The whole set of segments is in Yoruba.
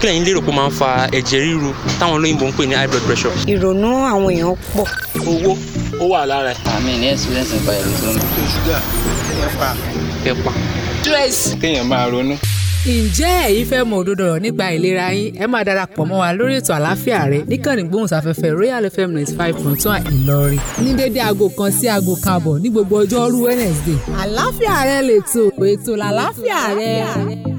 kí lẹ́yìn lérò pé ó máa ń fa ẹ̀jẹ̀ ríru táwọn olóyìnbó ń pè ní high blood pressure. ìrònú àwọn èèyàn pọ̀. owó ó wà lára ẹ̀. àmì ní experience nípa ìlú tó ń bọ̀. ṣúgà ẹ̀pà. ẹ̀pà. stress. kéèyàn máa ronú. ǹjẹ́ ẹ̀yin fẹ́ mọ òdodo ọ̀rọ̀ nípa ìlera yín ẹ máa darapọ̀ mọ́ wa lórí ètò àlàáfíà rẹ níkànnì gbóhùnsáfẹ́fẹ́ Royal FM ninety five point one Ìlọrin ní dédé aago kan sí aago kan àbọ̀ ní gbogbo ọjọ́rú Wednesday àlàáfíà rẹ lè tó ètò làlàáfíà rẹ.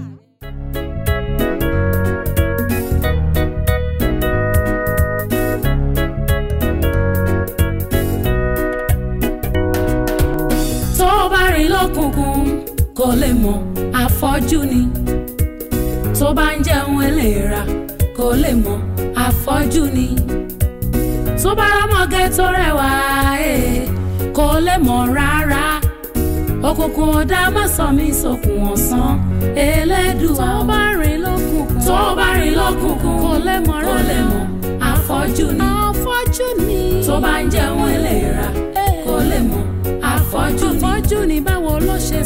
kò lè mọ̀ afọ́jú ni tó bá ń jẹun eléra kò lè mọ̀ afọ́jú ni tó bá lọ́mọge tó rẹwà ee eh, kò lè mọ̀ rárá òkùnkùn ọ̀dà má sọ mí sókun ọ̀sán elédùà tó bá rìn lókùnkùn tó bá rìn lókùnkùn kò lè mọ̀ rárá kò lè mọ̀ afọ́jú ni afọ́jú ni tó bá ń jẹun eléra eh. kò lè mọ̀ afọ́jú ni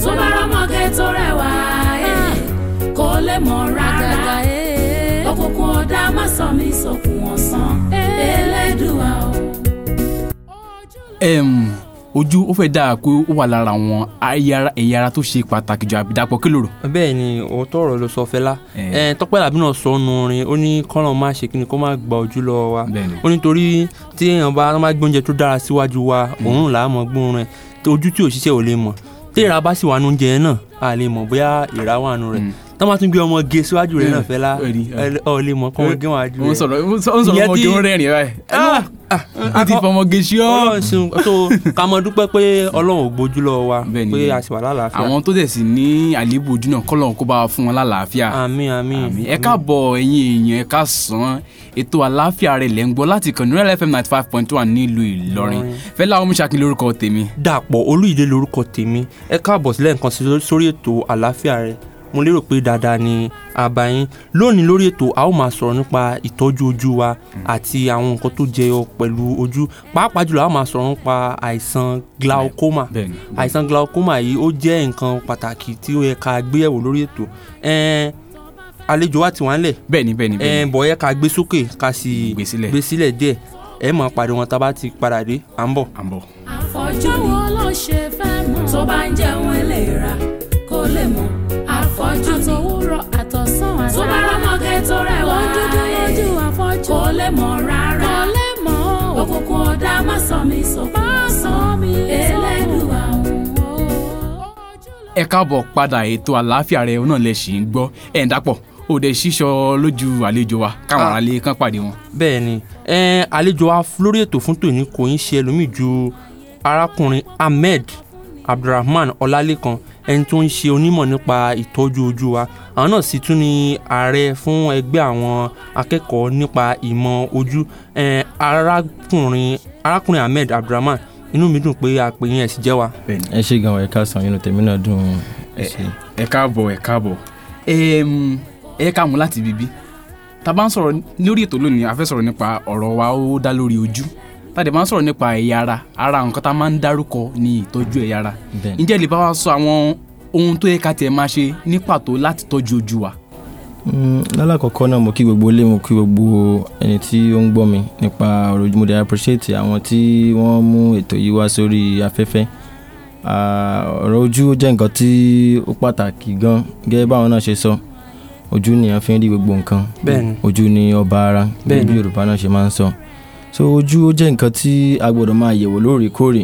tó bá rọ́mọge tó rẹwà eh, kó lè mọ̀ eh, rárá òkùnkùn ọ̀dà má sọ mí sókun ọ̀sán eh, elédùà o. ojú ó fẹ́ dáa pé ó wà lára àwọn ẹ̀yà ara tó ṣe pàtàkì jù àbídàpọ̀ kí ló bẹ́ẹ̀ ni òótọ́ ọ̀rọ̀ ló sọ Fẹlá Tọ́pẹ́ Àlàbí náà sọ ọ́nù orin ó ní kọ́nà má ṣe kí ni kó má gba ojú lọ wa ó nítorí tí èèyàn bá gbóúnjẹ tó dára síwájú wa hmm. òórùn làá mọ̀ gbóòórùn ẹ̀ ojú tí òṣìṣẹ́ ò lè mọ̀ tí ìra bá sì wà nù oúnjẹ náà a lè mọ̀ bóyá ìra wà nù rẹ̀ hmm tọ́ máa tún gbé ọmọ ge síwájú rẹ̀ náà fẹ́ la ọ̀lẹ́ mọ̀ kọ́ ọmọ ge wọn àjú rẹ̀. Ah! Ah! ó ń sọ̀rọ̀ ọmọ ge ń rẹ́rìn báyìí. a ti ah! fọmọ ge sí ọ. tó ká mọ pé ọlọ́run ò gbójú lọ wa pé a sì wà lálàáfíà. àwọn tó dẹ̀ sì ní àléébù ojú náà kọ́lọ́run kó bá wa fún wọn lálàáfíà. àmín àmín. ẹ káàbọ̀ ẹ̀yin èèyàn ẹ káàsán ètò àlàáfíà rẹ̀ lẹ́ ń gbọ́ láti kànúrẹ́lẹ́ fm ninety five point one nílùú ìlọrin fẹ́lá ọmúṣakin lórúkọ tèmi. dàpọ̀ olúyìdé lórúkọ tèmi ẹ káàbọ̀ sílẹ̀ nǹkan sí sórí ètò àlàáfíà rẹ̀ mo lérò pé dáadáa ni àbáyín lónìí lórí ètò a ó máa sọ̀rọ̀ nípa ìtọ́jú ojú wa àti àwọn nǹkan tó jẹyọ pẹ̀lú ojú pàápàá jùlọ a ó máa sọ̀rọ̀ nípa àìsàn glaucoma àìsàn glaucoma yìí ó jẹ́ nǹkan pàtàkì tí ó yẹ ká gbéyẹ̀wò lórí ètò àlejò wa ti wà ńlẹ̀ bẹ́ẹ̀ni bẹ́ẹ̀ni bẹ́ẹ̀ni bọ̀ yẹ ká gbé sókè ká sì gbé sílẹ̀ díẹ̀ ẹ máa pàdé wọn tá a bá ti padà dé à ń bọ̀. àfọ̀jù ló ṣe fẹ́ mọ̀ tó bá ń jẹun ẹlẹ́ra kó lè mọ̀ afọ́jú ni. àtòwúrọ̀ àtọ̀sán àtàlẹ́. tó bá rọ́mọge tó rẹwà ẹ̀. ojú lójú afọ́jú. kò lè mọ̀ rárá. kò lè mọ̀ o. òkùnkùn ọ̀dà má sọ mi sókun. má sọ mi sókun. Ẹlẹ́dùà ẹ káàbọ̀ padà ètò àlàáfíà rẹ náà lẹ sì ń gbọ́ ẹ̀ ń dàpọ̀ òde ṣíṣọ lójú àlejò wa káwọn ah. aráalé kan pàdé wọn. bẹ́ẹ̀ni ẹ àlejò wa lórí ètò fún tòní kò ń ṣe ẹlòmíì ju arákùnrin Ahmed abdulrahman ọlálẹ́kan ẹni tó ń ṣe onímọ̀ nípa ìtọ́jú ojú wa àwọn náà sì tún ni ààrẹ fún ẹgbẹ́ àwọn akẹ́kọ̀ọ́ nípa ìmọ̀ ojú arákùnrin arákùnrin ahmed abdulrahman inú mi dùn pé a pè yín ẹ sì jẹ́ wa. ẹ ṣe gan ẹ káàsán inú tèmi náà dùn. ẹ káàbọ̀ ẹ káàbọ̀ ẹ káàmú láti bíbí tá a bá ń sọ̀rọ̀ lórí ètò lónìí a fẹ́ sọ̀rọ̀ nípa ọ̀rọ̀ wa ó dá lórí ojú tàdé máa ń sọ̀rọ̀ nípa ẹ̀yà ara ara nǹkan tá a máa ń dárúkọ ní ìtọ́jú ẹ̀yà ara ǹjẹ́ lè bá wa sọ àwọn ohun tó yẹ ká tiẹ̀ máa ṣe ní pàtó láti tọ́jú ojú wa. Mm, lálàkọ̀kọ́ náà mo kí gbogbo ilé mo kí gbogbo ẹni tí ó ń gbọ́ mi nípa ọ̀rọ̀ ojú mo dey appreciate àwọn tí wọ́n mú ètò yìí wá sórí afẹ́fẹ́ ọ̀rọ̀ ojú jẹ́ nǹkan tí ó pàtàkì gan gẹ́gẹ́ báwọn náà ṣe sọ ojú ni a fi ń rí gbogbo nǹkan ojú ni ọba ara bí Yorùbá náà ṣe máa ń sọ. So so ojú ó jẹ́ nǹkan tí a gbọ́dọ̀ máa yẹ̀wò lóòrèkóòrè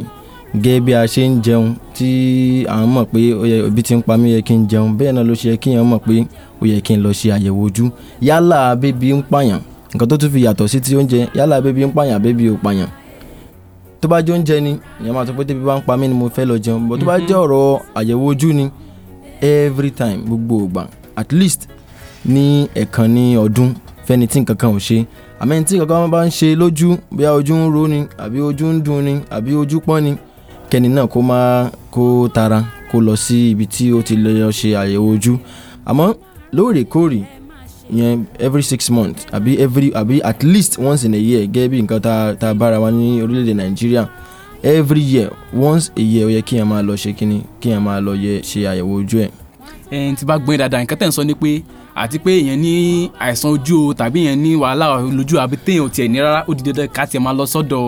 gẹ́gẹ́ bí a ṣe ń jẹun tí à ń mọ̀ pé òbí ti ń pa mí yẹ kí n jẹun bẹ́ẹ̀ náà ló ṣe yẹ kí èèyàn mọ̀ pé ó yẹ kí n lọ ṣe àyẹ̀wò ojú yálà bébí ń pààyàn nǹkan tó tún fi yàtọ̀ sí ti oúnjẹ yálà bébí ń pààyàn bébí ò pààyàn tó bá jẹ́ oúnjẹ ni èèyàn máa sọ pé tébí bá ń pa mí ni mo fẹ́ lọ jẹun bọ́ tó bá jẹ́ ọ̀rọ̀ àyẹ̀wò ojú ni every time gbogbo ògbà at least ní ẹ̀kan ní ọdún fẹ́ni tí nǹkan kan ò ṣe àmì tí kankan bá ń ṣe lójú bí ojú ń ro ni àbí ojú ń dùn ni àbí ojú pọ́n ni kẹ́ni náà kó máa kó tara kó lọ sí ibi tí ó ti lọ ṣe àyẹ̀wò ojú àmọ́ lóòrèkóòrè yẹn every six months àbí every àbí at least once in a year gẹ́gẹ́ bí nǹkan tá a bára wa ní orílẹ̀-èdè Nàìjíríà every year once a year ó yẹ kí yẹn máa lọ ṣe kíni kí yẹn máa lọ yẹ ṣe àyẹ̀wò ojú ẹ̀. ẹ ẹ ti bá gbọ́n dáadáa nǹkan tẹ̀ ń sọ ni pé àti pé èèyàn ní àìsàn ojú o tàbí èèyàn ní wàhálà lójú àbí téèyàn ò tiẹ̀ ní rárá ó di dandan ká tiẹ̀ máa lọ sọ́dọ̀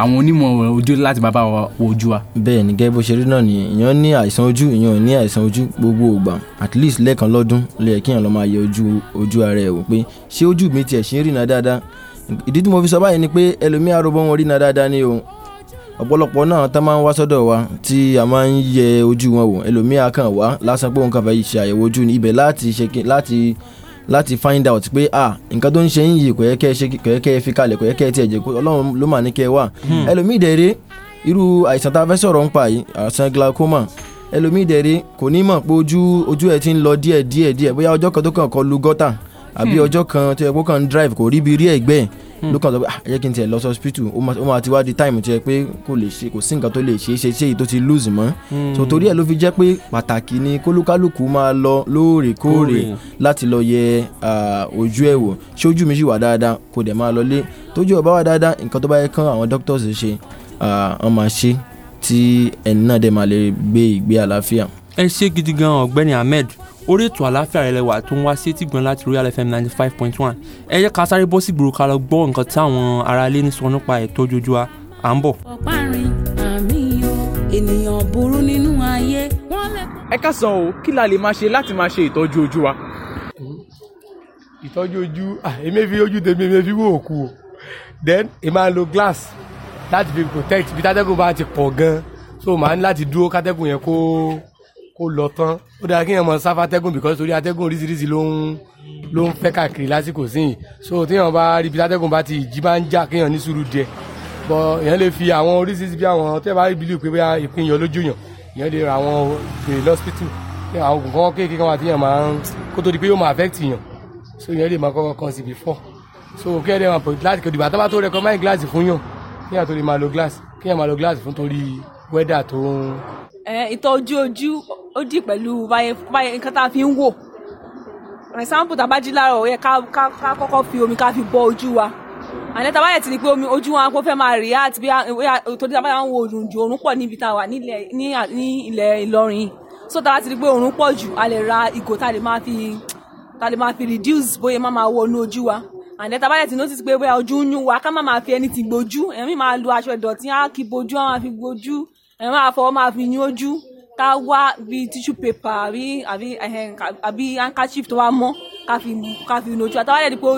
àwọn onímọ̀ ojú láti bàbá wa wo ojú wa. bẹ́ẹ̀ ni gẹ́gẹ́ bó ṣe rí náà ni èèyàn ní àìsàn ojú èèyàn ní àìsàn ojú gbogbo ìgbà at least lẹ́ẹ̀kan lọ́dún ló yẹ kí èèyàn lọ máa yẹ ojú ojú ara ẹ̀ wò pé ṣé ojú mi tiẹ̀ ṣe ń rìnà dáadáa ìdí tí mo fi sọ báyìí ni pé ẹlòmíà rọ́bọ́ wọn rìnà dáadáa ni o ọ̀pọ̀lọpọ̀ náà tá máa ń wá sọ́dọ̀ wa tí a máa ń yẹ ojú wọn wò ẹlòmíà kan wá lásán pé òun kàn fẹ́ ṣe àyẹ̀wò ojú ni ibẹ̀ láti ṣe láti láti find out pé ah nǹkan tó ń ṣe yín yìí kò yẹ kẹ́ ẹ ṣe kò yẹ kẹ́ ẹ fi kalẹ̀ kò yẹ kẹ́ ẹ tiẹ̀ jẹ́ kó ọlọ́run ló mà ní kẹ́ ẹ wà hmm. ẹlòmíì dẹ̀rẹ́ irú àìsàn tá a fẹ́ sọ̀rọ̀ ń pa yìí àìsàn glaucoma ẹlòmíì dẹ̀rẹ́ kò ní mọ̀ pé ojú ojú ẹ ti ń lọ díẹ̀ díẹ̀ díẹ̀ bóyá ọjọ́ kan tó kàn kọ lu gọ́tà àbí hmm. ọjọ́ kan tó yẹ kó kàn ń drive kò rí ibi rí ẹ̀gbẹ́ ẹ̀ ló kàn sọ pé ah ẹ jẹ́ kí n tiẹ̀ lọ sí hospital ó máa ti wá di time tó yẹ pé kò lè ṣe kò sí nǹkan tó lè ṣe é ṣe ṣe tó ti lose mọ́ hmm. so torí ẹ̀ ló fi jẹ́ pé pàtàkì ni kólúkálùkù máa lọ lóòrèkóòrè láti lọ yẹ ojú ẹ̀ wò ṣé ojú mi ṣì wà dáadáa kò dẹ̀ máa lọ lé tójú ọ̀bá wà dáadáa nǹkan tó bá yẹ kán àwọn doctors ṣe wọ́n máa ṣe tí ẹni náà dẹ̀ máa lè gbé ìgbé àlàáfíà. ẹ ṣé gidi gan ọ̀gbẹ́ni Ahmed orí ètò àláfíà rẹ̀ lẹ́wà tó ń wá sí tìgbọ́n láti Royal FM ninety five point one ẹ jẹ́ ká sáré bọ́ sí gbòòrò ká lọ gbọ́ nǹkan táwọn aráalé ń sọ nípa ètò ojoojúwa à ń bọ̀. ọ̀parin àmì ènìyàn burú nínú ayé. ẹ ká sọ o kí la lè máa ṣe láti máa ṣe ìtọ́jú ojú wa. ìtọ́jú ojú èmi ojú tèmi èmi wò ó kú o then èmi máa lo glass láti fi protect bí tátẹ́gùn bá ti pọ̀ gan so màá ní láti dúró kátẹ́gùn yẹn kó kó lọ tán ó dára kí èèyàn mọ sáfà atẹ́gùn because torí atẹ́gùn oríṣiríṣi ló ń ló ń fẹ́ káàkiri lásìkò síyìn so téèyàn bá rí ibi atẹ́gùn bá ti jí bá ń jà kéèyàn ní sùúrù díẹ̀ bọ èèyàn lè fi àwọn oríṣiríṣi bí àwọn tẹ́ bá rí bílíù pé bóyá ìpín yọ lójú yàn èèyàn lè ra àwọn fèrè lọ́sítítù àwọn oògùn kan kéèké kan wà téèyàn máa ń kó tó di pé yóò máa affect yàn so èèyàn lè máa kọ́kọ́ kan sí before so kẹ́ẹ̀dẹ̀ máa pọ̀ gíláàsì kò dìgbà tó bá tó recommend gíláàsì fún yàn kéèyàn tó lè máa lo gíláàsì kéèyàn máa lo gíláàsì fún torí wẹ́dà tó ń. ìtọ́jú ojú ó dì pẹ̀lú báyẹn báyẹn nǹkan tá a fi ń wò for example tàbá jí láàárọ̀ ó yẹ ká ká kọ́kọ́ fi omi ká fi bọ́ ojú wa àní tàbá yẹ ti ni pé omi ojú wa kó fẹ́ máa react bí torí tàbá yà ń wo òjòjò òórùn pọ̀ níbi tá a wà ní ilẹ̀ Ìlọrin yìí so tàbá ti ni pé òórùn pọ̀ jù a lè ra ìgò tá a lè máa fi tá a lè máa fi reduce bóyá má máa wọnú ojú wa àní tàbá yẹ ti notice pé bóyá ojú ń yún wa ká má máa fi ẹni ti gbojú ẹ̀mí máa lo aṣọ ìdọ̀tí á kí bojú á máa fi gbojú ẹ̀mí máa fọwọ́ máa fi yún ojú ká wá bí tissue paper àbí àbí àbí handkerchief tó wá mọ́ ká fi ká fi nojú àtàwọn àyẹ̀dí pé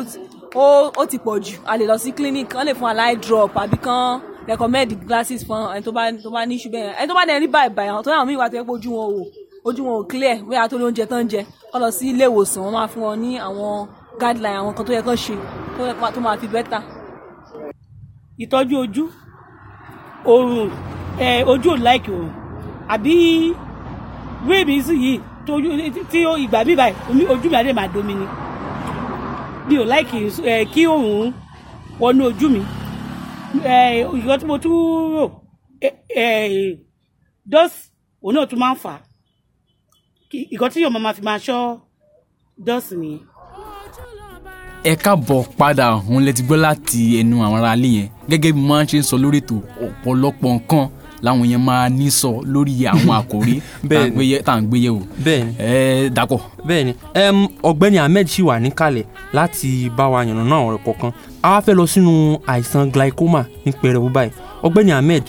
ó ó ti pọ̀ jù a lè lọ sí clinic kán lè fún wa eye drop àbí kán recommend glasses fún ẹni tó bá tó bá ní issue bẹ́ẹ̀ ẹni tó bá dẹ̀ rí báyìí báyìí àwọn tó náà míì wá tó yẹ pé ojú wọn ò ojú wọn ò clear bóyá tó lóúnjẹ tán jẹ kán lọ sí ilé ìwòsàn wọn máa fún wọn ní àwọn guideline àwọn kan tó yẹ kán ṣe tó máa fi better. ìtọ́jú ojú oorun eh, ojú ò láìkì oorun àbí wíìbì sí yìí tí ìgbà bíbà ojú mi àdé máa domi ni mi ò láìkì kí òun wọnú ojú mi ìyọ́ tí mo tún rò dọ́sì òun náà tún máa ń fà á ìkan tí yóò máa fi máa ṣọ́ dọ́sì nìyẹn. ẹ káàbọ̀ padà òun lẹ ti gbọ́ láti ẹnu àwọn aráalé yẹn gẹ́gẹ́ bí mo máa ń ṣe ń sọ lórí ètò ọ̀pọ̀lọpọ̀ nǹkan làwọn yẹn máa ní sọ lórí àwọn àkòrí tá à ń gbé yẹ̀wò ẹ dàpọ̀. bẹ́ẹ̀ni ọ̀gbẹ́ni ahmed ṣì wà níkàlẹ̀ láti bá wa yànnà náà ọ̀rọ̀ kọ̀ọ̀kan a wá fẹ́ lọ sínú àìsàn glaucoma ní pẹrẹwu báyìí ọ̀gbẹ́ni ahmed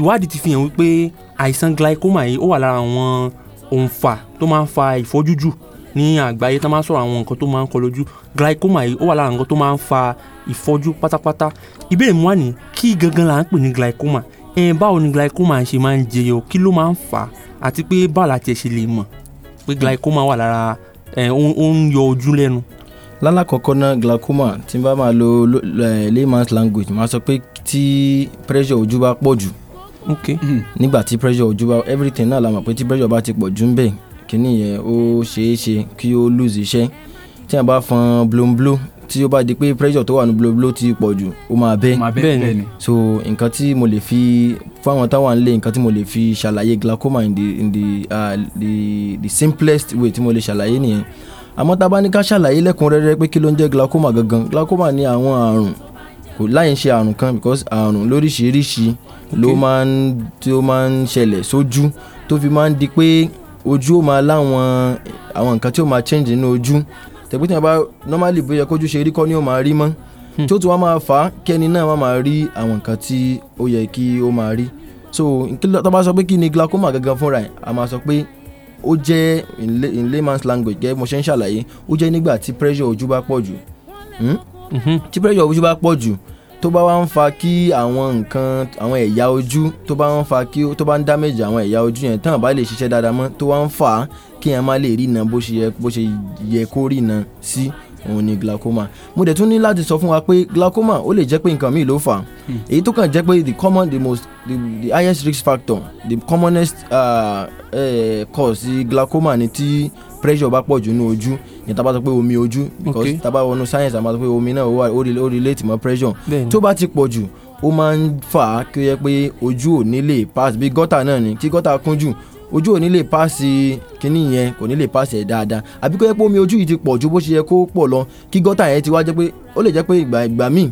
ìwádìí ti fi hàn wípé àìsàn glaucoma yìí ó wà lára àwọn òǹfà tó máa ń fa ìfọ́jújù ní àgbáyé tá máa sọ̀rọ̀ àwọn nǹkan tó máa ń kọ lójú glaucoma yìí ó wà lára nǹkan tó máa ń fa ìfọ́jú pátápátá ìbéèrè mu wá ní kí gangan là ń pè ní glaucoma ẹn báwo ni glaucoma ṣe máa ń jẹyọ kí ló máa ń fà á àti pé báwo la tiẹ̀ ṣe lè mọ̀ pé glaucoma wà lára ẹ̀ ó ń yọ ojú lẹ́nu. lálàkọ̀ọ́kọ́ náà glaucoma tí n bá máa lo layman's language máa sọ pé tí pressure ojú bá pọ̀ jù okay nígbà tí pressure ojú bá everything náà la mọ̀ pé tí pressure bá ti pọ̀ jù ń bẹ̀ kíní yẹn ó ṣeé ṣe kí ó lose iṣẹ́ tí a bá fọn blonblon tí ó bá di pé pressure tó wà ní blóbló ti pọ̀ jù ó máa bẹ́ bẹ́ẹ̀ ni so nǹkan tí mo lè fi fáwọn táwọn lé nǹkan tí mo lè fi ṣàlàyé glaucoma in the in the uh, the, the simplest way tí mo lè ṣàlàyé nìyẹn àmọ́ tá a bá ní ká ṣàlàyé lẹ́kùnrẹ́rẹ́ pé kí ló ń jẹ́ glaucoma gangan glaucoma ni àwọn àrùn kò láyé ṣe àrùn kan because àrùn lóríṣiríṣi ló máa ń tí ó máa ń ṣẹlẹ̀ sójú tó fi máa ń di pé ojú ó máa láwọn àwọn nǹkan tí ó máa change nínú ojú tẹ̀gbẹ́ tí wọ́n bá normally bóyá kójú ṣe rí kọ́ ni ó máa rí mọ́ hmm. tí ó tún wá máa fà á kẹ́ni náà wá máa rí àwọn nǹkan tí ó yẹ kí ó máa rí so tó bá sọ pé kí ni glaucoma gangan fúnra ẹ̀ a máa sọ pé ó jẹ́ in layman's language gẹ́gẹ́ mo ṣe ń ṣàlàyé ó jẹ́ nígbà tí pressure ojú bá pọ̀ jù hmm? mm-hmm. tí pressure ojú bá pọ̀ jù tó bá wá ń fa kí àwọn nǹkan àwọn ẹ̀yà ojú tó bá ń fa kí tó bá ń dámẹ́jì àwọn ẹ̀yà ojú yẹn tán bá lè ṣiṣẹ́ dáadáa mọ́ tó wá ń fà á kí yẹn má lè rí iná bó ṣe yẹ kó rí iná sí. Si òun ni glaucoma mo dẹ̀ tún ní láti sọ fún wa pé glaucoma ó lè jẹ́ pé nǹkan míì ló fà á hmm. èyí tó kàn jẹ́ pé the common the most the, the highest risk factor the commonest uh, uh, cause glaucoma ni tí pressure bá pọ̀ jù ní ojú ní tá bá sọ pé omi ojú because okay. tá bá wọnú science àmọ́ sọ pé omi náà ó relate mọ́ pressure tó bá ti pọ̀ jù ó máa ń fà á kí ó yẹ pé ojú ò ní lè pass bí gọ́tà náà ni tí gọ́tà kún jù ojú ò ní lè paasi kínní yẹn kò ní lè paasi ẹ̀ dáadáa àbí kó yẹ pé omi ojú yìí ti pọ̀ ju bó ṣe yẹ kó pọ̀ lọ kí gọ́tà yẹn ti wá jẹ́ pé ó lè jẹ́ pé ìgbà ìgbà míì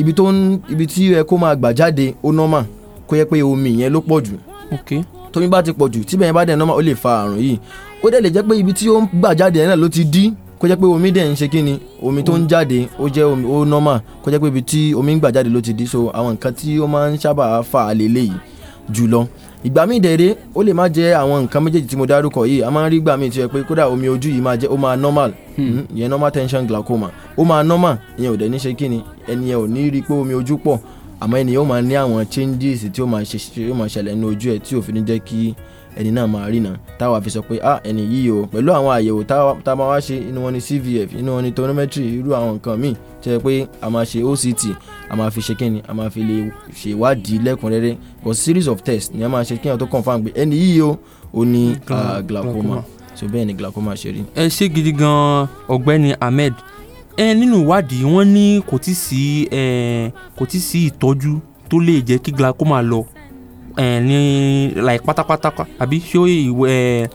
ibi tó ń ibi tí ẹ kó máa gbà jáde ó nọ́mà kó yẹ pé omi yẹn ló pọ̀ jù. ok tómi bá ti pọ̀ jù tíbẹ̀ yẹn bá dẹ̀ nọ́mà ó lè fa àrùn yìí ó dẹ̀ lè jẹ́ pé ibi tí ó ń gbà jáde yẹn náà ló ti dí kó jẹ́ pé omi dẹ̀ ń ṣe kí ni omi tó ń jáde ó jẹ́ omi ó nọ́mà kó jẹ́ pé ibi tí omi ń gbà jáde ló ti dí so àwọn nǹkan tí ó máa ń sábà fa àlélẹ́yìí jùlọ ìgbà míì dẹ̀rẹ́ ó lè má jẹ́ àwọn nǹkan méjèèjì tí mo dárúkọ yìí a máa ń rí ìgbà míì tó yẹ pé kódà omi ojú yìí máa jẹ́ ó máa normal hmm. Hmm, ìyẹn normal tension glaucoma ó máa normal ìyẹn ò dẹ̀ ní ṣe kí ni ẹni yẹn ò ní rí i pé omi ojú pọ̀ àmọ́ ẹni yẹn ó máa ní àwọn changes tí ó máa ṣẹlẹ̀ ní ojú ẹ̀ tí ò fi ní jẹ́ kí ẹni náà máa rí náà táwa fi sọ pé ah ẹni yìí o pẹ̀lú àwọn àyẹ̀wò tá a máa wá ṣe inú wọn ni cvf inú wọn ni tonometry irú àwọn nǹkan míì tó yẹ pé a máa ṣe oct a máa fi ṣe kíni a máa fi lè ṣe ìwádìí lẹ́kùnrẹ́rẹ́ kò series of tests ni a máa ṣe kí wọn tó confam pé ẹni yìí o ó ní ah, glaucoma so bẹ́ẹ̀ ni glaucoma ṣe rí. ẹ ṣé gidi gan-an Ahmed ẹ nínú ìwádìí wọ́n ní kò tí sí ìtọ́jú tó lè jẹ́ kí glaucoma lọ ẹ̀ eh, like láì pátápátá àbí ṣó ìwé eh,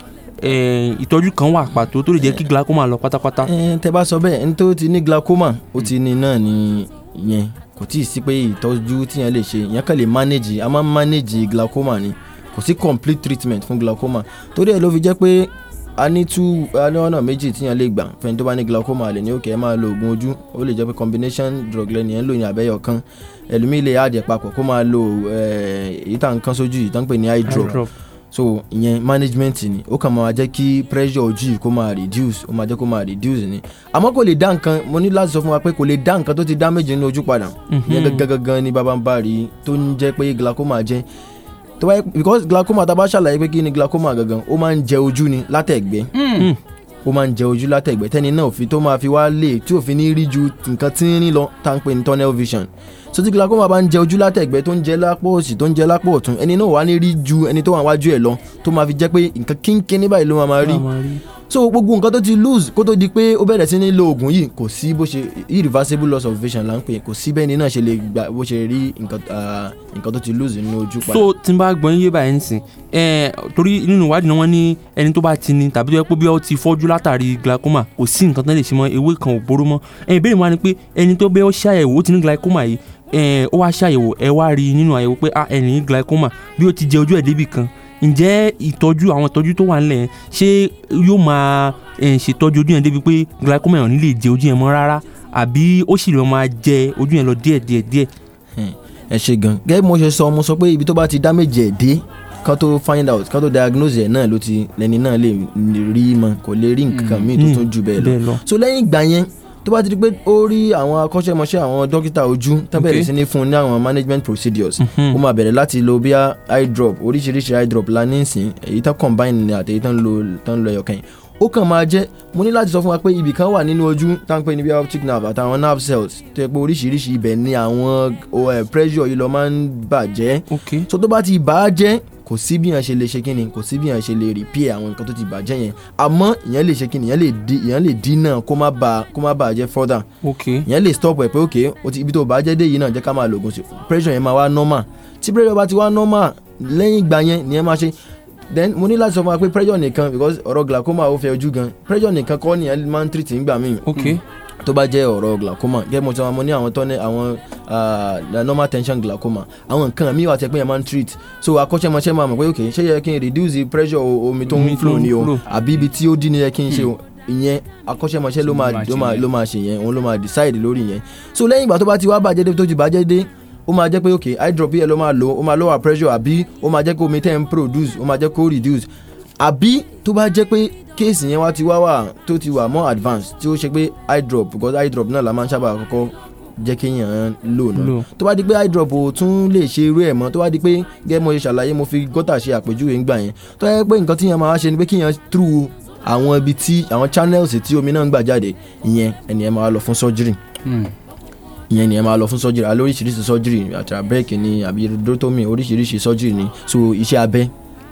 eh, ìtọ́jú kan wà pàtó tó lè jẹ́ kí glaucoma lọ pátápátá. ẹ eh, tẹ bá sọ bẹ́ẹ̀ ní tó ti ní glaucoma ó ti ní náà ní yẹn kò tí ì sí pé ìtọ́jú tíyẹn lè ṣe ìyẹn kàn lè manage a máa manage glaucoma ni kò sí complete treatment fún glaucoma torí ẹ̀ ló fi jẹ́ pé a ní tú a ní ọ̀nà méjì tíyan lè gbà fẹ́ni tó bá ní glaucoma lè ní òkè ẹ máa lo oògùn ojú ó lè jẹ́ pé combination drug lẹ́nìyẹn ń lò ní abẹ́yọ̀ kan ẹlòmíì lè àjẹ́ papọ̀ kó máa lo èyí tá nǹkan sójú yìí tó ń pè ní eye drop so ìyẹn management ni ó kàn máa jẹ́ kí pressure ojú yìí kó máa reduce ó máa jẹ́ kó máa reduce ni àmọ́ kò lè dá nǹkan mo ní láti sọ fún wa pé kò lè dá nǹkan tó ti damage nínú ojú padà mhm. ìyẹn gangan ni bàbá ń bá rí tó ń jẹ́ pé glaucoma jẹ́ tó bá yẹ because glaucoma tá a bá ṣàlàyé pé kí ni glaucoma gangan ó máa ń jẹ ojú ni látẹ̀gbẹ́ hmm. Hmm. ó máa ń jẹ ojú látẹ̀gbẹ́ tẹ́ni náà tó máa fi wá lè tí òfin ní rí ju nǹkan tí lọ tá à ń pè ní tunnel vision so tí glaucoma bá ń jẹ ojú látẹ̀gbẹ́ tó ń jẹ lápò òsì tó ń jẹ lápò ọ̀tún ẹni náà wà ní rí ju ẹni tó wà wájú ẹ̀ lọ tó máa fi jẹ́ pé nǹkan kínkín ní báyìí ló máa máa rí so gbogbo nǹkan tó ti lose kó tó di pé ó bẹ̀rẹ̀ sí ní lo oògùn yìí kò sí bó ṣe irreversible loss of vision là ń pè kò sí bẹ́ẹ̀ ni náà ṣe lè gbà bó ṣe rí nǹkan tó ti lose nínú ojú padà. so tí n bá gbọ́n yé báyìí nsìn torí nínú ìwádìí náà wọ́n ní ẹni tó bá ti ní tàbí tó yẹ pé bí ó ti fọ́jú látàrí glaucoma kò sí nǹkan tó lè ṣe mọ́ ewé kan ò boró mọ́ ẹ̀yìn ìbéèrè wọn ni pé ẹni tó bẹ́ẹ̀ ó ṣàyẹ̀wò ó ti ní glaucoma yìí Eh, ó wá ṣàyẹ̀wò ẹ wá rí nínú àyẹ̀wò pé ah, ẹni ní glaucoma bí ó ti jẹ ojú ẹ̀ débì kan ǹjẹ́ ìtọ́jú àwọn ìtọ́jú tó wà nílẹ̀ ṣé yóò máa ṣètọ́jú ojú yẹn débi pé glaucoma yẹn ò ní lè jẹ ojú yẹn mọ́ rárá àbí ó sì lè máa jẹ ojú yẹn lọ díẹ̀ díẹ̀ díẹ̀. Hmm, ẹ ṣe gan gẹ́gẹ́ bí mo ṣe sọ mo sọ pé ibi tó bá ti damage ẹ̀ dé kan tó find out kan tó diagnose ẹ̀ náà ló ti lẹ́ni náà lè rí mọ́ kò lè rí nǹkan hmm, míì tó hmm, tún jù bẹ́ẹ̀ lọ so lẹ́yìn ìgbà yẹn tó bá ti di pé ó rí àwọn akọ́ṣẹ́mọṣẹ́ àwọn dókítà ojú tó bẹ̀rẹ̀ sí ní fún un ní àwọn management procedures mhm. ó máa bẹ̀rẹ̀ láti lo bí eye drop oríṣiríṣi eye drop la ní ìsìn èyí tán combine ni àti èyí tán lo tán lo ẹyọkẹ́yìn ó kàn máa jẹ́ mo ní láti sọ fún wa pé ibì kan wà nínú ojú tá n pè ní bí optic nerve àtàwọn nerve cells tó yẹ pé oríṣiríṣi ibẹ̀ ni àwọn eh, pressure yìí lọ máa ń bàjẹ́ so tó bá ti bà jẹ́ kò sí bí yẹn ṣe lè ṣe kí ni kò sí bí yẹn ṣe lè repair àwọn nǹkan tó ti bàjẹ́ yẹn àmọ́ ìyẹn lè ṣe kí ni ìyẹn lè di ìyẹn lè di náà kó má bà kó má bà jẹ́ further okay ìyẹn lè stop ẹ̀ pé ok o ibi tó bá jẹ́ dé yìí náà jẹ́ ká máa lo sí pressure yẹn máa wá normal tí pressure bá ti wá normal lẹ́yìn ìgbà yẹn ni ẹ máa ṣe then mo ní láti sọ fún wa pé pressure nìkan because ọ̀rọ̀ glaucoma ó fẹ́ ojú gan pressure nìkan kọ́ nìyẹn máa ń treat nígbà míì. okay mm tó bá jẹ́ ọ̀rọ̀ glaucoma gẹ́gẹ́ mo ti wọn mo ní àwọn tó ní àwọn normal tension glaucoma àwọn nǹkan mi wà tẹ́ pé yẹn máa ń treat so akọ́ṣẹ́mọṣẹ́ máa mọ̀ pé ok ṣé yẹ kí n reduce the pressure omi tó ń flow ni o àbí ibi tí ó dín ni yẹ kí n ṣe o hmm. ìyẹn akọ́ṣẹ́mọṣẹ́ ló máa ló máa ló máa ṣe yẹn òun ló máa decide lórí yẹn so lẹ́yìn ìgbà tó bá ti wá bàjẹ́ dé tó ti bàjẹ́ dé ó máa jẹ́ pé ok eye drop yẹn ló máa lò ó máa lower pressure àbí ó máa jẹ́ kó omi tẹ́ ń produce ó máa jẹ́ kó reduce àbí tó bá jẹ́ pé kéèsì yẹn wá ti wá wà tó ti wà more advanced tí ó ṣe pé eye drop because eye drop náà la máa ń sábà kọ́kọ́ jẹ́ kéèyàn lò náà tó bá di pé eye drop ò tún lè ṣe irú ẹ̀ mọ́ tó bá di pé gẹ́gẹ́ mo ṣe ṣàlàyé mo fi gọ́tà ṣe àpèjúwe ńgbà yẹn tó yẹ pé nǹkan tí yẹn máa ṣe ni pé kéèyàn through àwọn ibi tí àwọn channels tí omi náà ń gbà jáde ìyẹn ẹni ẹ máa lọ fún surgery hmm. ìyẹn ni ẹ máa lọ fún surgery alóríṣiríṣi surgery àtàbẹ́ẹ̀kì ni àbí rotomy oríṣiríṣi surgery ni so iṣẹ́ abẹ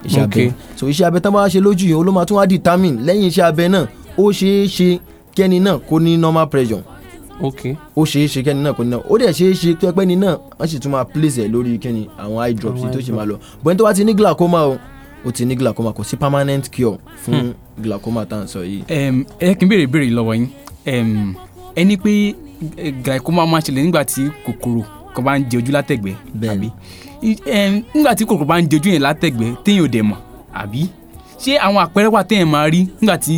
iṣẹ́ abẹ so iṣẹ́ abẹ tán bá ṣe lójú yìí ó ló máa tún wá determine lẹ́yìn iṣẹ́ abẹ náà ó ṣeé ṣe kẹ́ni náà kó ní normal pressure okay ó ṣeé ṣe kẹ́ni náà kò ní náà ó dẹ̀ ṣeé ṣe pẹ́pẹ́ ni náà wọ́n sì tún máa place ẹ̀ lórí kẹ́ni àwọn eye drops tó ṣe máa lọ bọ́n tó bá ti ní glaucoma o ó ti ní glaucoma kò sí permanent cure fún hmm. glaucoma tá à ń sọ yìí. ẹ kí n béèrè ìbéèrè lọ́wọ́ yín ẹni pé eh, glaucoma máa ṣẹlẹ̀ nígbà tí kòkòrò kan bá ń jẹ ojú látẹ̀gbẹ́ àbí nígbà tí kòkòrò bá ń dojú yẹn látẹ̀gbẹ́ téèyàn ò dẹ̀ mọ̀ àbí ṣé àwọn àpẹẹrẹ wà téèyàn máa rí nígbà tí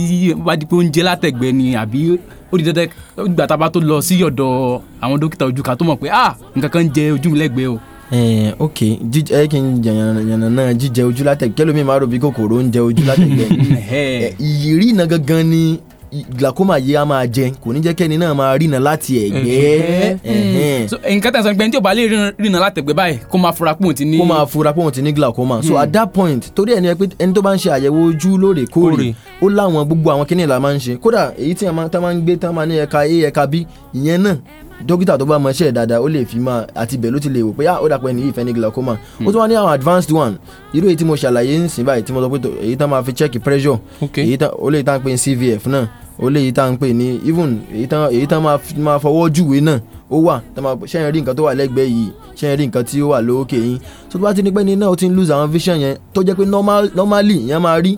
bá di pé oúnjẹ látẹ̀gbẹ́ ni àbí ó di dandan ìgbà tá a bá tó lọ sí ọ̀dọ̀ àwọn dókítà ojú ká tó mọ̀ pé ah nǹkan kan ń jẹ ojú mi lẹ́gbẹ̀ẹ́ o ok jíjẹ ẹ kì í yànnàyànnà náà jíjẹ ojú látẹ̀gbẹ́ kẹlómi máa rò bí kòkòrò ń jẹ ojú látẹ̀gbẹ́ ìyírí iná gangan ni glaucoma yìí á máa jẹ kò ní jẹ́ kẹ́ni náà máa rìnà láti ẹ̀gbẹ́. nǹkan tẹ̀sán ìgbẹ́ni tí ò bá lè rìnà láti ẹ̀gbẹ́ báyìí kó máa fura pé ti ní. kó máa fura pé ti ní glaucoma so hmm. at that point torí ẹni pé ẹni tó bá ń ṣe àyẹ̀wò ojú lóòrèkóòrè ó láwọn gbogbo àwọn kíní la máa ń ṣe kódà èyí tí wọ́n máa ń gbé tán máa ní ẹ̀ka a ẹ̀ka b ìyẹn náà dókítà tó bá mọ iṣẹ́ dáadáa ó lè fi máa àti ibẹ̀ ló ti lè wò pé ah, ó dàpẹ́ nìyí ìfẹ́ glaucoma hmm. ó tún wá ní àwọn advanced one irú èyí tí mo ṣàlàyé ń sìn báyìí tí mo sọ pé èyí tán máa fi check pressure èyí tán ó lè tán pé CVF náà ó lè yìí tá à ní even èyí tán èyí tán máa fọwọ́ júwe náà ó wà tá máa ṣẹ́yìn rí nǹkan tó wà lẹ́gbẹ̀ẹ́ yìí ṣẹ́yìn rí nǹkan tí ó wà lókè yín tó bá ti ní pẹ́ ní náà ó ti ń lose àwọn vision yẹn tó jẹ́ pé normally ìyẹn máa rí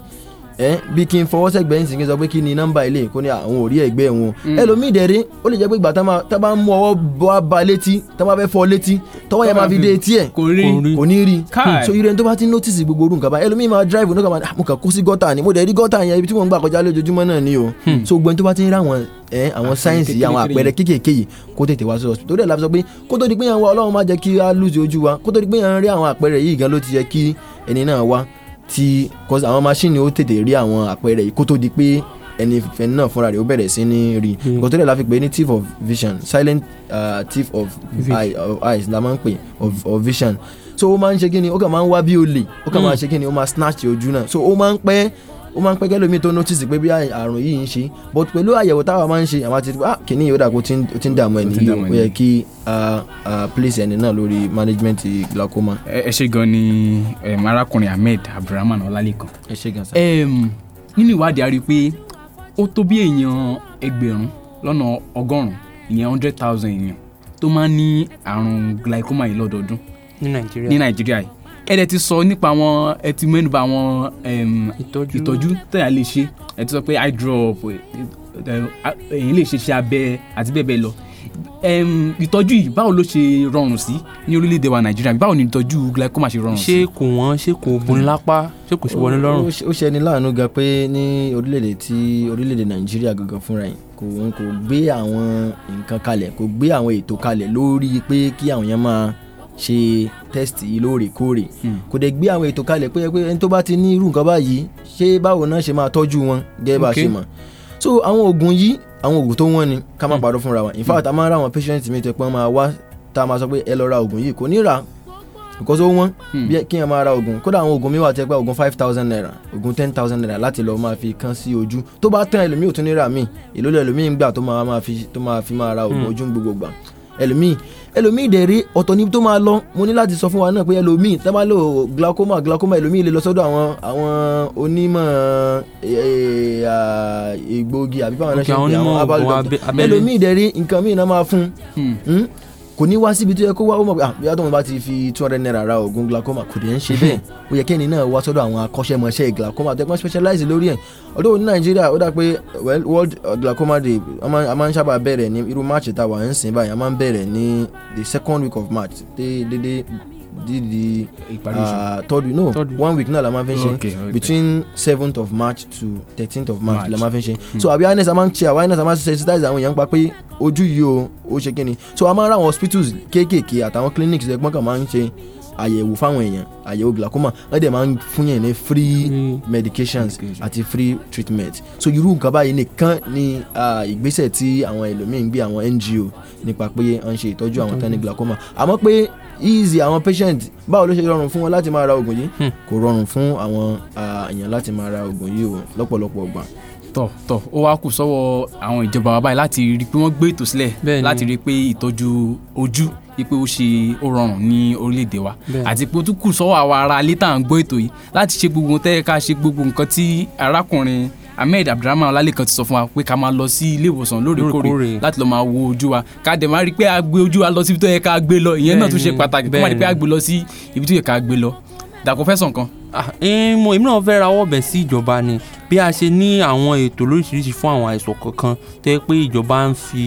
ẹ bí kí n fọwọ́ sẹ́gbẹ́ yín sì kí n sọ pé kí ni nọ́mbà ilé kó ní àwọn ò rí ẹ̀gbẹ́ wọn hmm. ẹlòmíì dẹ̀rí ó lè jẹ́ pé ìgbà tá bá ń mú ọwọ́ bọ́ ba létí tá bá fẹ́ fọ́ létí tọwọ́ yẹn máa fi dé etí ẹ̀ kò ní rí so irú ẹni tó bá ti notice gbogbo orun kaba ẹlòmíì máa drive ní kaba ah, mo kàn kó sí gọ́tà ni mo dẹ̀ rí gọ́tà yẹn ibi tí mo ń gbà kọjá lójoojúmọ́ náà ni o hmm. so gbogbo ẹni tó bá ti ń rá àwọn ẹ àwọn sáyẹnsì àwọn àpẹẹrẹ kéékèèké yìí kó tètè wá sí hospital torí ẹ̀ la fi sọ pé kó tó di pé yẹn ọlọ́run má jẹ́ kí a lose ojú wa kó tó di pé àwọn àpẹẹrẹ yìí gan ló ti yẹ kí ẹni náà wá tí cause àwọn machine ó tètè rí àwọn àpẹẹrẹ yìí kó tó di pé ẹni ìfẹ́ náà fúnra rẹ̀ ó bẹ̀rẹ̀ sí ní rí hmm. nǹkan tó dẹ̀ la fi pè ní thief of vision silent uh, thief of, eye, of eyes la máa ń pè of, of vision so ó máa ń ṣe kí ni ó kàn máa ń wá bí olè ó kàn hmm. máa ṣe kí ni ó máa snatch ojú náà so ó máa ń pẹ́ ó máa ń pẹ́ kẹ́lómi tó notice pé bí àrùn yìí ń ṣe but pẹ̀lú àyẹ̀wò táwa máa ń ṣe àwọn àti ah kìíní yóò dà kó ti ń dààmú ẹni yìí ó yẹ kí place ẹni náà lórí management glaucoma. ẹ ṣe gan ni arákùnrin Ahmed Abdulrahman Ọlálékan. ẹ ṣe gan sa. nínú ìwádìí a rí i pé ó tó bí èèyàn ẹgbẹ̀rún lọ́nà ọgọ́rùn-ún ìyẹn hundred thousand èèyàn tó máa ń ní àrùn glaucoma yìí lọ́dọọdún ní Nàìjíríà yìí ẹ dẹ̀ ti sọ nípa àwọn ẹ ti mẹ́nu bà àwọn ìtọ́jú tẹ̀yà lè ṣe ẹ ti sọ pé eye drop èyí lè ṣe iṣẹ́ abẹ àti bẹ́ẹ̀ bẹ́ẹ̀ lọ ìtọ́jú yìí báwo ló ṣe rọrùn sí ní orílẹ̀-èdè wa nàìjíríà báwo ni ìtọ́jú glaucoma ṣe rọrùn sí. ṣé kò wọ́n ṣé kò buni lápá ṣé kò sì wọ́n ní lọ́rùn. ó ṣe ni láàánú ga pé ní orílẹ̀-èdè tí orílẹ̀-èdè nàìjíríà gangan fúnra yìí kò kò gbé àwọn nǹkan kalẹ̀ kò gbé àwọn ètò kalẹ̀ lórí pé kí àwọn yẹn máa ṣe test yìí lóòrèkóòrè hmm. kò dẹ̀ gbé àwọn ètò kalẹ̀ pé pé ẹni tó bá ti ní irú nǹkan báyìí ṣé báwo náà ṣe máa tọ́jú wọn gẹ́gẹ́ bá a ṣe mọ̀ so àwọn oògùn yìí àwọn oògùn tó wọ́n ni ká má hmm. parọ́ fúnra wa in fact a máa ń ra àwọn patients mi tó pọ́n máa wá tá a máa sọ pé ẹ lọ ra oògùn yìí kò ní ra because ó wọ́n hmm. bí kí ẹ máa ra oògùn kódà àwọn oògùn mi wà tẹ́ pé oògùn five thousand naira oògùn ten thousand naira láti lọ máa fi kan sí ojú tó bá tán ẹlòmíì ò tún ní ra míì fi máa ra oògùn ojú ẹlòmíì ẹlòmíì dẹ̀rí ọ̀tọ̀ níbi tó máa lọ mo ní láti sọ fún wa náà pé ẹlòmíì tá a máa lò glaucoma glaucoma ẹlòmíì lè lọ sọ́dọ̀ àwọn àwọn onímọ̀ egbòogi àbí báwọn náà ṣe ń nǹkan míì náà máa fún un hmm. Hmm? kò ní wá síbi tó yẹ kó wá ó mọ̀ pé bí wàá tó mo bá ti fi two hundred naira ra oògùn glaucoma kò dé ń ṣe bẹ́ẹ̀ ó yẹ kẹ́ni náà wá sọ́dọ̀ àwọn akọ́ṣẹ́mọṣẹ́ glaucoma tẹ́gbọ́n specialize lórí ẹ̀ ọdún òní nàìjíríà ó dà pé well world glaucoma day a máa ń sábà bẹ̀rẹ̀ ní irú march tá a wà ń sìn báyìí a máa ń bẹ̀rẹ̀ ní the second week of march déédéé di di uh, third week no third week. one week náà la máa fi ń ṣe between seventh of march to thirteenth of march, march. la máa fi ń ṣe hmm. so àbí awareness a máa ń ṣe awareness a máa ń sensitize àwọn èèyàn pa pé ojú yìí o ṣe kíni so a máa ń ra àwọn hospitals kéékèèké àtàwọn clinics ẹgbọ́n kan máa ń ṣe àyẹ̀wò fáwọn èèyàn àyẹ̀wò glaucoma wọ́n dẹ̀ máa ń fún yẹn ní free medications àti free treatment so irú nǹkan báyìí nìkan ni ah, ìgbésẹ̀ tí àwọn ẹlòmíín gbé àwọn NGO nípa pé wọ́n ń ṣe ìtọ́jú àwọn tán ní glaucoma àmọ́ pé easy àwọn patient báwo ló ṣe rọrùn fún wọn láti máa ra oògùn yìí hmm. kò rọrùn fún àwọn èèyàn láti máa ra oògùn yìí o lọ́pọ̀lọpọ̀ ọgbà tọ tọ ó wá kù sọ́wọ́ àwọn ìjọba wa báyìí láti rí i pé wọ́n gbé ètò sílẹ̀ láti rí i pé ìtọ́jú ojú pé ó ṣe ó rọrùn ní orílẹ̀-èdè wa àti pé ó tún kù sọ́wọ́ àwa ará ilé ń gbọ́ ètò yìí láti ṣe gbogbo tẹ́ ká ṣe gbogbo nǹkan tí arákùnrin ahmed abdulrahman ọlálẹ́kan ti sọ fún wa pé ká máa lọ sí ilé ìwòsàn lóòrèkóòrè láti lọ máa wo ojú wa ká dẹ̀ máa rí pé a gbé ojú wa lọ síbi tó yẹ ká gbé lọ ìyẹn náà tún ṣe pàtàkì kó má rí pé a gbé lọ sí ibi tó yẹ ká gbé lọ dàkọ́ fẹ́ sàn kan. Ah, eh, mo èmi náà fẹ́ rawọ́ bẹ̀ sí ìjọba ni bí a ṣe ní àwọn ètò lóríṣiríṣi fún àwọn àìsàn kankan tó yẹ pé ìjọba ń fi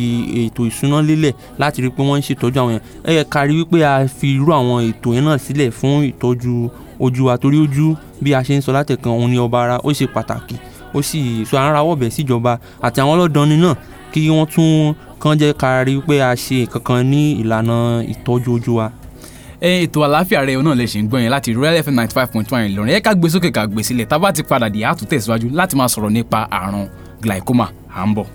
ètò ìsúná lélẹ̀ láti rí i pé wọ́n ń ṣètọ́jú àwọn yẹn ẹ yẹ kárí wípé a fi irú àwọn ètò yẹn náà sílẹ̀ fún ìtọ́jú ojú wa ojú bí a ṣe ń sọ látẹ̀kan òun ni ọba ara ó ṣe pàtàkì ó sì sọ aráwọ̀ bẹ̀ síjọba àti àwọn ọlọ́dọ́ni náà kí wọ́n tún kàn jẹ́ ká rí pé a ṣe kankan ní ìlànà ìtọ́jú ojú wa ètò àlàáfíà rẹ̀ náà lè ṣe ń gbọ́ yẹn láti Royal FM ninety five point one Ìlọrin ẹ̀ka gbé sókè ká gbé sílẹ̀ tá a bá ti padà dé láti máa sọ̀rọ̀ nípa àrùn glaucoma à ń bọ̀.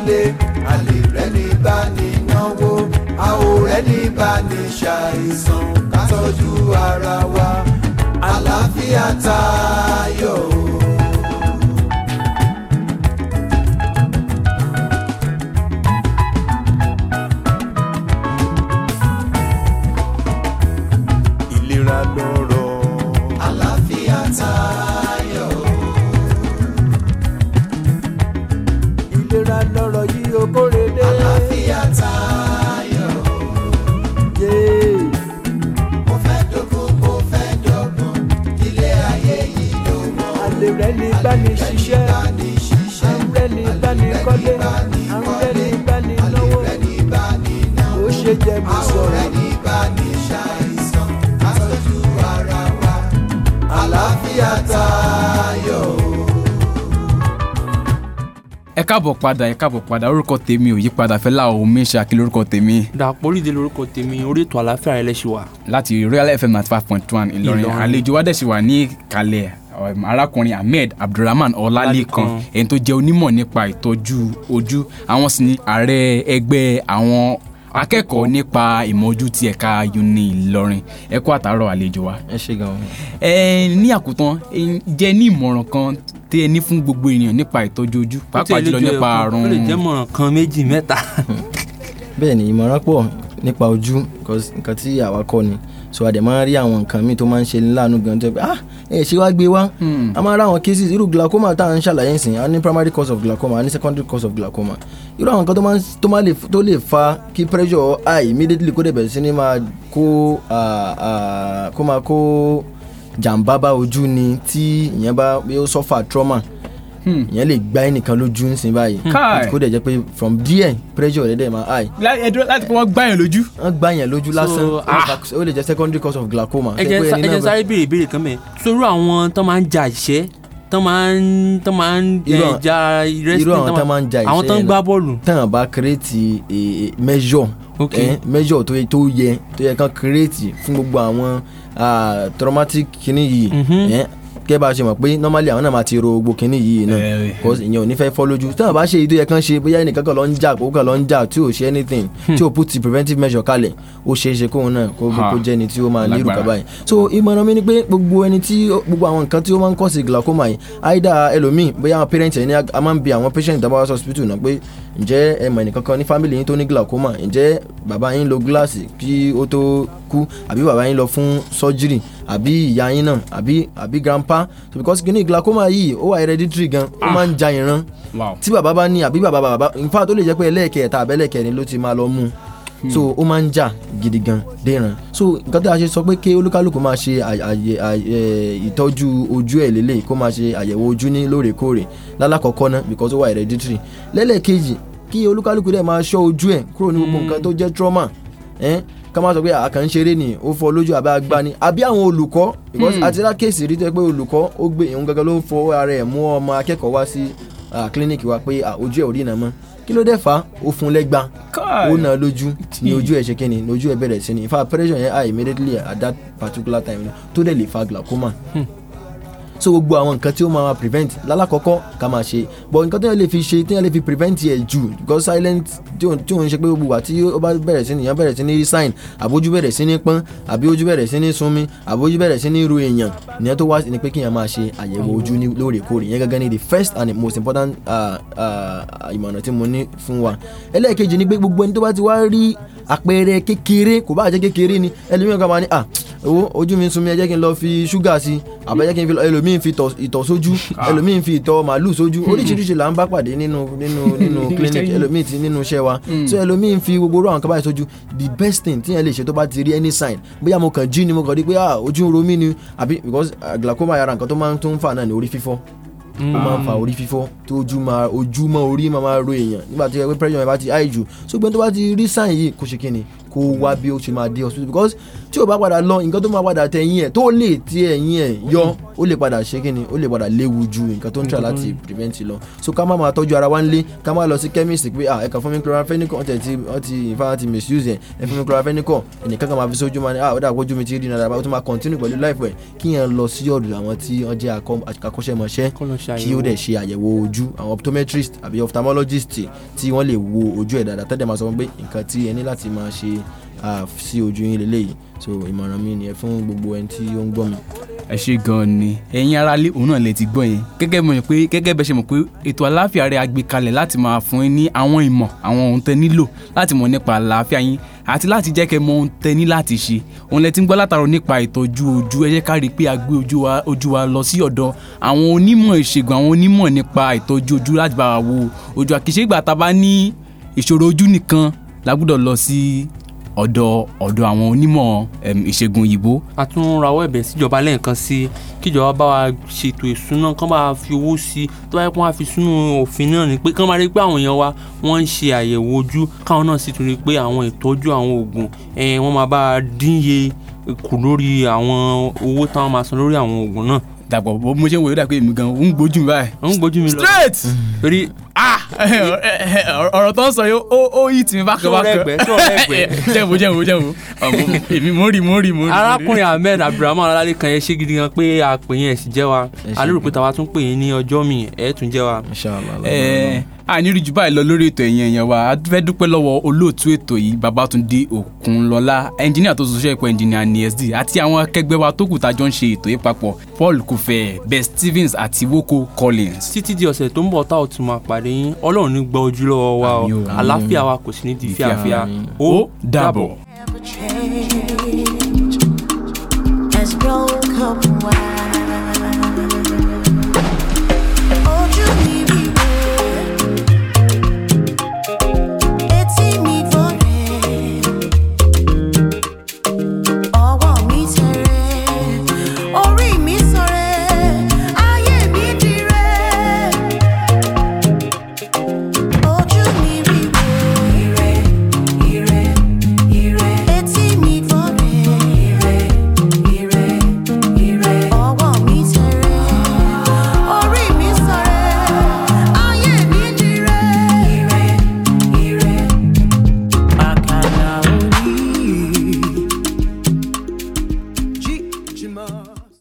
wálé àlè rẹ ní bá ní náwó a ò rẹ ní bá ní ṣàìsàn ká ara wa àlàáfíà tayọ o. káàbọ̀ padà ẹ káàbọ̀ padà orúkọ tèmi ò yí padà Fẹ́lá Omi Ṣakí lórúkọ tèmi. Dàpọ̀ Oríde lórúkọ tèmi orí ètò àlàáfíà rẹ̀ lẹ́sìn wa. láti Royal FM at five point one Ìlọrin àlejò wa dẹ̀sí wa ní kalẹ̀ um, arákùnrin ahmed abdulrahman ọlálékan ẹni tó jẹ́ onímọ̀ nípa ìtọ́jú ojú àwọn sì ni ààrẹ ẹgbẹ́ àwọn akẹ́kọ̀ọ́ nípa ìmọ̀ ojú ti ẹ̀ka uni ìlọrin ẹ kú àtàárọ̀ àlejò wa. ẹ ṣe gan ẹ ní àkótán jẹ́ ní ìmọ̀ràn kan tí ẹ ní fún gbogbo ènìyàn nípa ìtọ́jú ojú pàápàá jùlọ nípa àrùn. ó lè jẹ́ mọ̀ràn kan méjì mẹ́ta. bẹ́ẹ̀ ni ìmọ̀ràn pọ̀ nípa ojú nǹkan tí àwa kọ́ ni so àdè máa ń rí àwọn nǹkan míì tó máa ń ṣe láàánú gan tó pé ah ẹ ṣe wá gbé wá hmm. a máa ń àwọn cases irú glaucoma tá à ń ṣàlàyé nsìn a ní primary cause of glaucoma a ní secondary cause of glaucoma irú àwọn nǹkan tó máa lè tó lè fa kí pressure high, immediately kó dẹ̀ bẹ̀rẹ̀ sí ni máa kó ah, ah, kó máa kó jàǹbá bá ojú ni tí ìyẹn bá yóò suffer trauma hmm. ìyẹn lè gbá ẹnìkan lójú nísìnyí báyìí hmm. kó dẹ̀ jẹ́ pé from there pressure rẹ̀ dẹ̀ máa high. láti pé wọ́n gbá yẹn lójú. wọ́n gbá yẹn lójú lásán ah. ó lè jẹ́ secondary cause of glaucoma. ẹ jẹ́ sáré béèrè béèrè kan mẹ́ẹ̀ sórú àwọn tó máa ń ja ìṣẹ́ tán máa ń tán eh, máa ń ja wrestling irú àwọn tán máa ń ja iṣẹ́ àwọn tán ń gbá bọ́ọ̀lù. tán bá create eh, eh, measure measure tó yẹ tó yẹ kán create fún gbogbo àwọn traumatic kinní yìí mhm. kẹ́ bá ṣe mọ̀ pé normally àwọn náà máa ti ro gbogbo kinní yìí náà cause eh, eh. ìyẹn ò ní fẹ́ fọ́ lójú tí wọ́n bá ṣe èyí tó yẹ kán ṣe bóyá ẹnìkan kan lọ ń jà kó lọ ń jà tí ò ṣe anything hmm. tí ò put preventive measure kalẹ̀ ó ṣe é ṣe kóun náà kó kó jẹ́ ẹni tí ó máa lérò kaba yìí so ìmọ̀ràn mi ni pé gbogbo ẹni tí gbogbo àwọn nǹkan tí ó máa ń kọ́ sí glaucoma yìí either ẹlòmíì bóyá àwọn parents ẹ̀ ní a máa ń bi àwọn patient ìdábàwá hospital náà pé ǹjẹ́ ẹ mọ̀ ẹnìkan kan ní fámìlì yín tó ní glaucoma ǹjẹ́ bàbá yín lo gíláàsì kí ó tó kú àbí bàbá yín lọ fún sọ́jírì àbí ìyá yín náà àbí àbí grandpa so because kí ni glaucoma yìí ó wà hereditary gan ó máa ń ja ìran tí bàbá bá ní àbí bàbá bàbá in fact tó lè jẹ́ pé ẹlẹ́ẹ̀kẹta àbẹ́lẹ̀kẹrin ló ti máa lọ mú un hmm. so ó máa ń jà gidi gan déran so nǹkan tí a ṣe sọ pé kí olúkálùkù máa ṣe ìtọ́jú ojú ẹ̀ lélẹ̀ kó máa ṣe àyẹ̀wò ojú ní lóòrèkóòrè lálàkọ́kọ́ náà because ó wà hereditary lẹ́lẹ̀kejì kí olúkálùkù dẹ̀ máa ṣọ́ ojú ẹ̀ kúrò ní gbogbo hmm. nǹkan tó jẹ́ trauma ká má sọ pé àkàn ń ṣeré ni ó fọ lójú àbá agbá àbí àwọn olùkọ́ hmm. àti lákèsì rí tó pé olùkọ́ ó gbé ìhun gangan ló ń fọ ara ẹ̀ mú ọmọ akẹ́kọ̀ọ́ wá sí clinic wa pé ojú ẹ̀ ò rí iná mọ́ kí ló dé fa ó fún lẹ́gba ó nà lójú ní ojú ẹ̀ ṣe kí ni lójú ẹ̀ bẹ̀rẹ̀ sí ni in fact pressure yẹn high immediately at that particular time tó dẹ̀ lè fa glaucoma. Hmm so gbogbo àwọn nǹkan tí ó máa prevent lálàkọ́kọ́ ká máa ṣe but nǹkan téèyàn lè fi ṣe téèyàn lè fi prevent yẹ jù because silent tí òun ṣe pé gbogbo wa tí ó bá bẹ̀rẹ̀ sí nìyẹn bẹ̀rẹ̀ sí ní resign àbójú bẹ̀rẹ̀ sí ní pọ́n àbí ojú bẹ̀rẹ̀ sí ní sunmi àbójú bẹ̀rẹ̀ sí ní ru èèyàn ìyẹn tó wá ni pé kéèyàn máa ṣe àyẹ̀wò ojú ní lóòrèkóòrè yẹn gangan ni the first and the most important uh, uh, ìmọ̀ràn tí mo ní fún wa ẹlẹ́ẹ̀kejì ni pé gbogbo ẹni tó bá ti wá rí àpẹẹrẹ kékeré kò bá jẹ́ kékeré ni ẹlòmíì kan máa ní ah ojú mi sun ẹ jẹ́ kí n lọ fi ṣúgà sí àbẹ jẹ́ kí n fi ẹlòmíì fi ìtọ̀ sójú ah. ẹlòmíì fi ìtọ̀ màálù sójú hmm. oríṣiríṣi là ń bá pàdé nínú nínú nínú clinic ẹlòmíì ti nínú iṣẹ́ wa hmm. so ẹlòmíì fi gbogbo orú àwọn kan báyìí sójú the best thing tíyẹn lè ṣe tó bá ti rí any sign bóyá mo kàn jí ni mo kàn rí pé ah ojú ń ro mí ni àbí because ah, glaucoma yàrá nǹkan tó máa ń tún fà náà ní orí fífọ́ ó máa fa mm. orí fífọ́ tó ojúmọ́ orí máa máa ro èèyàn nígbà tó pressure yẹn bá ti high jù ṣùgbọ́n tó bá ti rí sign yìí kó ṣe kí ni kó wá bí ó ṣe máa dé hospital because tí o bá padà lọ nǹkan tó máa padà tẹ ẹyin ẹ tó lè ti ẹyin ẹ yọ ó lè padà ṣe kí ni ó lè padà léwu ju nǹkan tó ń tra mm-hmm. láti prevent lọ so ká má máa tọ́jú ara wa ń lé ká má lọ sí chemist pé ah ẹ̀ka fún mi chloramphenicol ọ̀tẹ̀ tí wọ́n ti ìfáwọn ti misuse ẹ̀ ẹ̀ fún mi chloramphenicol ẹnìkan kan máa fi sójú máa ní ah ó dà kójú mi ti rí nàdà bá ó tún máa continue pẹ̀lú life ẹ̀ kí yẹn lọ sí ọ̀dọ̀ àwọn tí wọ́n jẹ́ akọ́ṣẹ́mọṣẹ́ kí ó dẹ̀ ṣe àyẹ̀wò ojú àwọn optometrist àbí ophthalmologist tí wọ́n lè wo ojú ẹ̀ dáadáa tẹ́lẹ̀ máa sọ fún pé nǹkan tí ẹ ní láti máa ṣe sí ojú yín lélẹ́yìí so ìmọ̀ràn mi nìyẹn fún gbogbo ẹni tí ó ń gbọ́ mi. ẹ ṣe gan-an ni ẹ̀yin ara lé òun náà lè ti gbọ́ yẹn gẹ́gẹ́ mọ̀ pé gẹ́gẹ́ bẹ́ẹ̀ ṣe mọ̀ pé ètò àlàáfíà rẹ̀ àgbékalẹ̀ láti máa fún yín ní àwọn ìmọ̀ àwọn ohun tẹ́ nílò láti mọ̀ nípa àlàáfíà yín àti láti jẹ́ kẹ́ mọ̀ ohun tẹ́ ní láti ṣe òun lẹ ti ń gbọ́ látàrọ nípa ìtọ́jú ojú ẹ jẹ́ ká rí i pé a gbé ojú wa lọ sí ọ̀dọ̀ àwọn onímọ̀ ìṣègùn àwọn onímọ̀ nípa ìtọ́jú ojú láti bá wa wo ojú àkìṣe ìgbà tá a bá ní ìṣòro ojú nìkan la gbọ́dọ̀ lọ sí ọ̀dọ̀ ọ̀dọ̀ àwọn onímọ̀ ìṣègùn òyìnbó. a tún rawọ́ ẹ̀bẹ̀ síjọba lẹ́ẹ̀kan sí i kíjọba bá wa ṣètò ìsúná kán bá fi owó sí i tó bá yẹ kó wá fi sínú òfin náà ni pé kán máa rí pé àwọn èèyàn wa wọ́n ń ṣe àyẹ̀wò ojú káwọn náà sì tún rí pé àwọn ìtọ́jú àwọn oògùn wọ́n máa bá dínye kù lórí àwọn owó táwọn máa san lórí àwọn oògùn náà. dàpọ̀ bó mo ṣe ń wòye dà pé èmi gan ń gbójú mi báyìí. ń gbójú mi lọ straight. Ah, ọ̀rọ̀ tó ń sọ yóò ó yìí tì mí bákan bákan jẹ́wò jẹ́wò jẹ́wò èmi mo rí mo rí mo rí. arákùnrin ahmed abdulrahman alálẹ́ kan yẹn ṣé gidi gan pé a pè yín ẹ̀ sì jẹ́ wa alérò pé tàwa tún pè yín ní ọjọ́ mi ẹ̀ tún jẹ́ wa. àníri eh, jù báyìí lọ lórí ètò ẹ̀yìn ẹ̀yàn wa a fẹ́ dúpẹ́ lọ́wọ́ olóòtú ètò yìí Babátúndé Òkúnlọ́lá ẹnjìníà tó ṣiṣẹ́ ìpẹ́ ẹnjìníà NISD àti àwọn akẹgbẹ́ wa tó kù tájọ́ ń ṣe ètò yìí papọ̀ Paul Kúfẹ́ Bess Stevens àti Woko Collins. títí di ọ̀sẹ̀ tó ń bọ̀ tá tún máa pàdé pàdé yín ọlọ́run ní gba ojú lọ́wọ́ wa o àlàáfíà wa kò sí ní di fíàfíà ó dàbọ̀. As broke up wine.